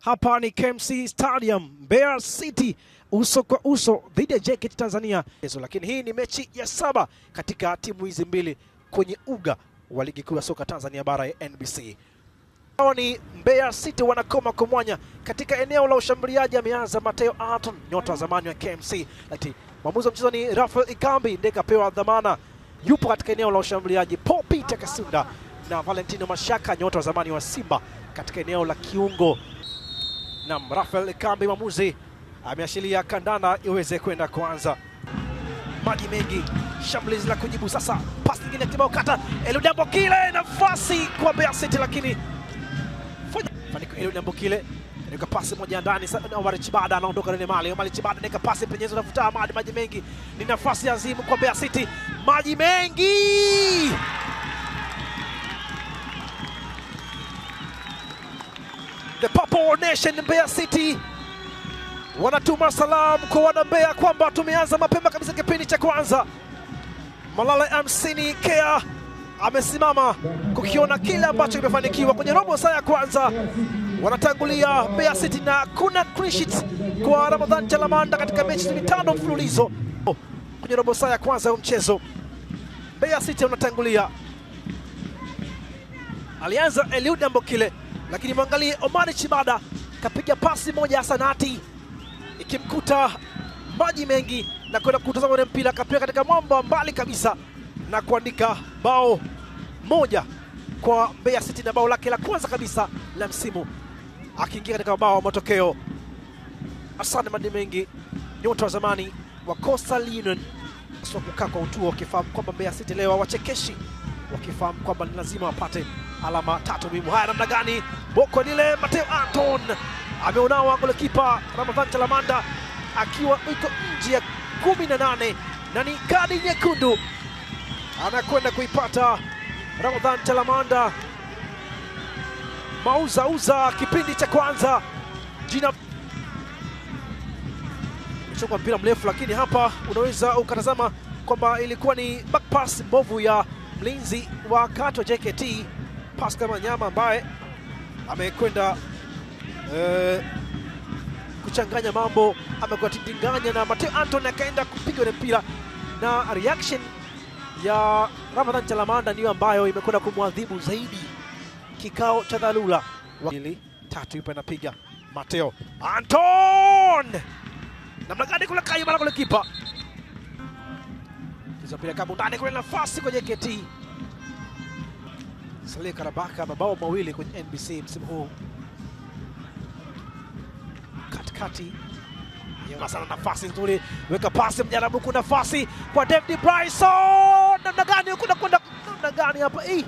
Hapa ni KMC Stadium, Mbeya City uso kwa uso dhidi ya JKT Tanzania. Lakini hii ni mechi ya saba katika timu hizi mbili kwenye uga wa ligi kuu ya soka Tanzania bara ya NBC. Hawa ni Mbeya City wanakoma kumwanya katika eneo la ushambuliaji. Ameanza Mateo Anton, nyota wa zamani wa KMC, lakini mwamuzi wa mchezo ni Rafael Ikambi, ndiye kapewa dhamana, yupo katika eneo la ushambuliaji. Paul Peter Kasunda na Valentino Mashaka, nyota wa zamani wa Simba, katika eneo la kiungo na Rafael Kambi mwamuzi ameashiria kandanda iweze kwenda kuanza. Maji mengi, shambulizi la kujibu sasa, pasi nyingine ya kibao kata Eludambo kile, nafasi kwa Mbeya City, lakini Eludambo kile nika pasi moja ndani. sasa, Omar Chibada anaondoka ndani mali, Omar Chibada nika pasi penyezo, navuta maji maji mengi, ni nafasi azimu kwa Mbeya City, maji mengi All Nation Mbeya City wanatuma salamu kwa wana Mbeya kwamba tumeanza mapema kabisa kipindi cha kwanza. Malala hamsini kea amesimama kukiona kile ambacho kimefanikiwa kwenye robo saa ya kwanza. Wanatangulia Mbeya City na kuna clean sheet kwa Ramadhan Chalamanda katika mechi mitano mfululizo kwenye robo saa ya kwanza ya mchezo. Mbeya City wanatangulia, alianza Eliud Ambokile lakini mwangalie Omari Chibada kapiga pasi moja ya sanati ikimkuta maji mengi na kwenda kutazama ule mpira akapiga katika mwamba mbali kabisa na kuandika bao moja kwa Mbeya City na bao lake la kwanza kabisa la msimu akiingia katika mabao wa matokeo. Asante Madi Mengi, nyota wa zamani wa Coastal Union kukaa kwa utuo, wakifahamu kwamba Mbeya City leo wachekeshi, wakifahamu kwamba ni lazima wapate alama tatu muhimu. Haya, namna gani boko lile! Mateo Anton ameonawa golikipa Ramadhan Chalamanda akiwa iko nje ya kumi na nane na ni kadi nyekundu anakwenda kuipata Ramadhan Chalamanda. Mauzauza kipindi cha kwanza, jina chukua mpira mrefu, lakini hapa unaweza ukatazama kwamba ilikuwa ni back pass mbovu ya mlinzi wa kati wa JKT. Pascal Manyama ambaye amekwenda e, kuchanganya mambo, amekuwa tindinganya na Mateo Anton, akaenda kupiga ile mpira na reaction ya Ramadhan Chalamanda ndiyo ambayo imekwenda kumwadhibu zaidi. Kikao cha dharura wili tatu, yupo anapiga Mateo Anton, namna gani kule kaya mara kule kipa kizopira kabundani kule nafasi kwa JKT sali Karabaka mabao mawili kwenye NBC msimu huu, katikati sana nafasi nzuri, weka pasi mjarabuku, nafasi kwa David Bryson, namna gani kuna nakwenda namna gani hapa hii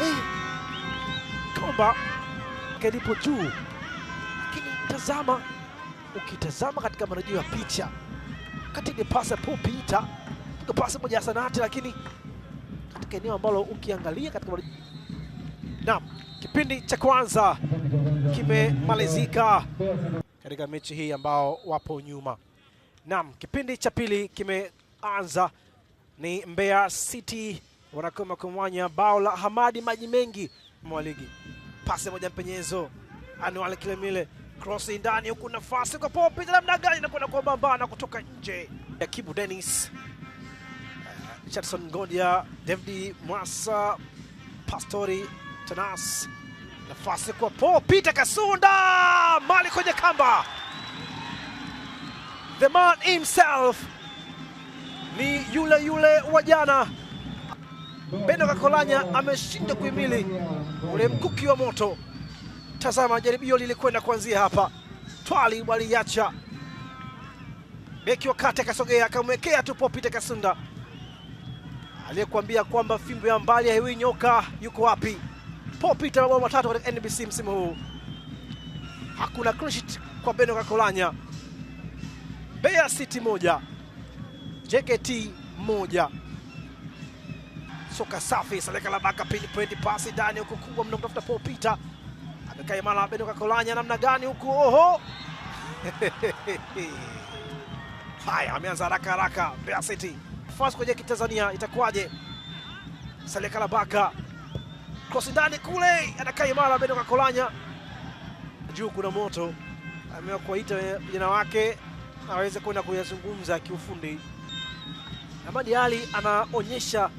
komba kalipo juu, lakini tazama, ukitazama katika marejeo ya picha kati ni pasi popita katika pasi moja ya sanati, lakini katika eneo ambalo ukiangalia katika naam, kipindi cha kwanza kimemalizika katika mechi hii ambao wapo nyuma. Naam, kipindi cha pili kimeanza, ni Mbeya City wanakoma kumwanya bao la Hamadi Maji Mengi mwa pasi moja mpenyezo, kile mile cross ndani, huku nafasi kwa Paul Peter, namna gani inakwenda kwa bamba na kutoka nje. ya Kibu Dennis Richardson Ngodia, David Mwasa, Pastori Tanas, nafasi kwa Paul Peter Kasunda, mali kwenye kamba, the man himself ni yule yule wa jana. Beno Kakolanya ameshindwa kuhimili ule mkuki wa moto. Tazama jaribio lilikwenda kuanzia hapa, twali waliacha beki wakati akasogea akamwekea tu Paul Peter Kasunda aliyekuambia kwamba fimbo ya mbali haiwi nyoka yuko wapi? Paul Peter mabao matatu katika NBC msimu huu. Hakuna clean sheet kwa Beno Kakolanya. Mbeya City moja JKT moja. Soka safi, Saleka baka pili pointi pasi ndani huko kubwa mna kutafuta Paul Peter. Amekaa imara Beno Kakolanya namna gani huku? Oho. Haya, ameanza haraka haraka Mbeya City nafasi kwa jeki Tanzania, itakuwaje? Salekala Baka krosi ndani kule, anakaa imara Beno Kakolanya juu, kuna moto amewa kuwaita vijana wake aweze kwenda kuyazungumza kiufundi. Amadi Ali anaonyesha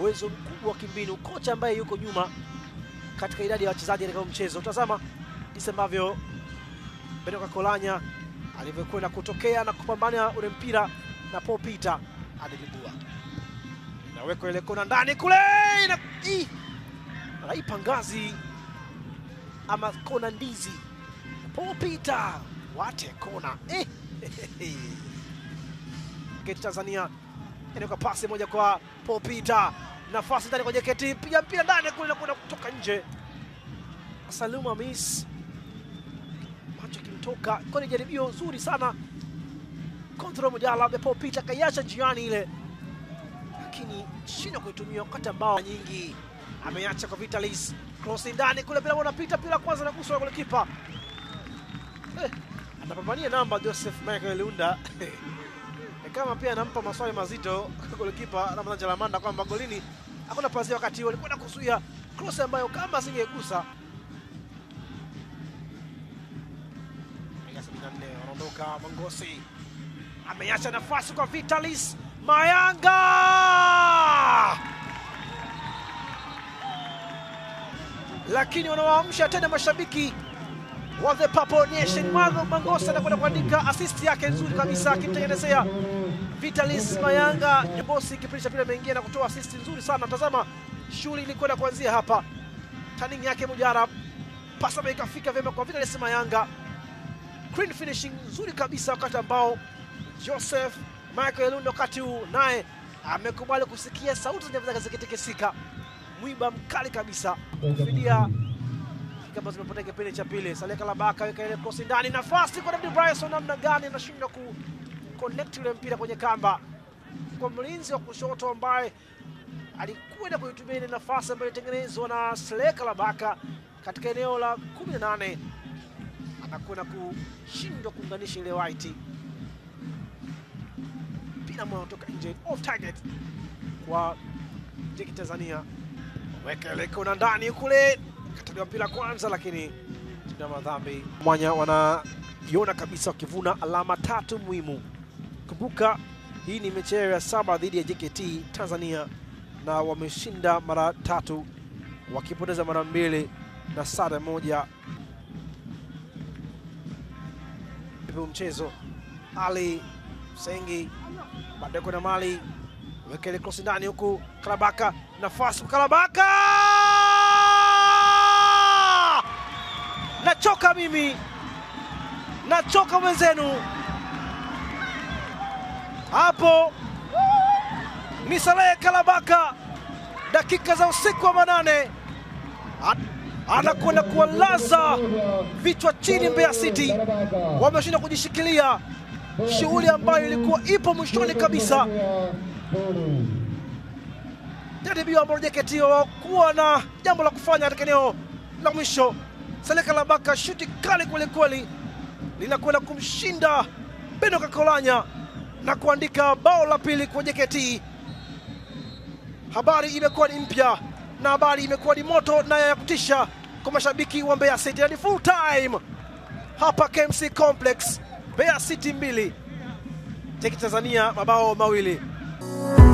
uwezo mkubwa wa kimbinu, kocha ambaye yuko nyuma katika idadi ya wachezaji katika mchezo. Utazama jinsi ambavyo Beno Kakolanya alivyokwenda kutokea na kupambana ule mpira na Paul Peter alilibua, inawekwa ile kona ndani kule, anaipa ngazi ama kona ndizi. Paul Peter wate kona eh. Jeketi Tanzania inaweka pasi moja kwa Paul Peter, nafasi ndani kwa Jeketi, piga mpira ndani kule, nakwenda kutoka nje. Salum miss macho kimtoka, kwani jaribio zuri sana control Mujala amepopita kayasha njiani ile, lakini shindwa kuitumia wakati ambao nyingi ameacha kwa Vitalis. Cross ndani kule bila unapita pila kwanza na kuswa kule kipa. Eh, anapambania namba Joseph Michael Lunda. Eh, kama pia anampa maswali mazito kule golikipa Ramadhan Jalamanda kwamba golini hakuna pazia wakati huo, alikwenda kuzuia cross ambayo kama asingeigusa dakika 74 Mangosi ameacha nafasi kwa Vitalis Mayanga, lakini wanawaamsha tena mashabiki wa the Purple Nation. Mwadho Mangosa anakwenda kuandika asisti yake nzuri kabisa, akimtengenezea Vitalis Mayanga. Nyobosi. kipindi cha pili ameingia na kutoa asisti nzuri sana. Tazama shughuli ilikwenda kuanzia hapa, taning yake Mujara, pasa ikafika vyema kwa Vitalis Mayanga, clean finishing nzuri kabisa, wakati ambao Joseph Michael Lundo wakati huu naye amekubali kusikia sauti zake zikitikisika, mwiba mkali kabisa kufidia kama zimepotea kipindi cha pili. Saleh Kalabaka weka ile cross ndani, nafasi kwa David Bryson, namna gani anashindwa ku connect ile mpira kwenye kamba kwa mlinzi wa kushoto ambaye alikwenda kuitumia ile nafasi ambayo ilitengenezwa na Saleh Kalabaka katika eneo la 18 anakwenda kushindwa kuunganisha ile white Dinamo anatoka nje off target kwa Jeki Tanzania, wekeleko na ndani kule, kataliwa mpira kwanza, lakini tuna madhambi mwanya wanaiona kabisa, wakivuna alama tatu muhimu. Kumbuka hii ni mechi ya saba dhidi ya JKT Tanzania na wameshinda mara tatu wakipoteza mara mbili na sare moja. Mchezo Ali Sengi Adeko na Mali weka ile cross ndani, huku Karabaka nafasi, Karabaka nachoka mimi, nachoka mwenzenu hapo. Ni Salehe Karabaka, dakika za usiku wa manane anakwenda kuwalaza vichwa chini. Mbeya City wameshindwa kujishikilia shughuli ambayo ilikuwa ipo mwishoni kabisa. Jaribio ambalo JKT kuwa na jambo la kufanya katika eneo la mwisho. seleka la baka shuti kali kwelikweli, linakwenda kumshinda Beno Kakolanya na kuandika bao la pili kwa JKT. Habari imekuwa ni mpya na habari imekuwa ni moto na ya kutisha kwa mashabiki wa Mbeya City, ni full time hapa KMC Complex. Mbeya City mbili, Teki Tanzania mabao mawili.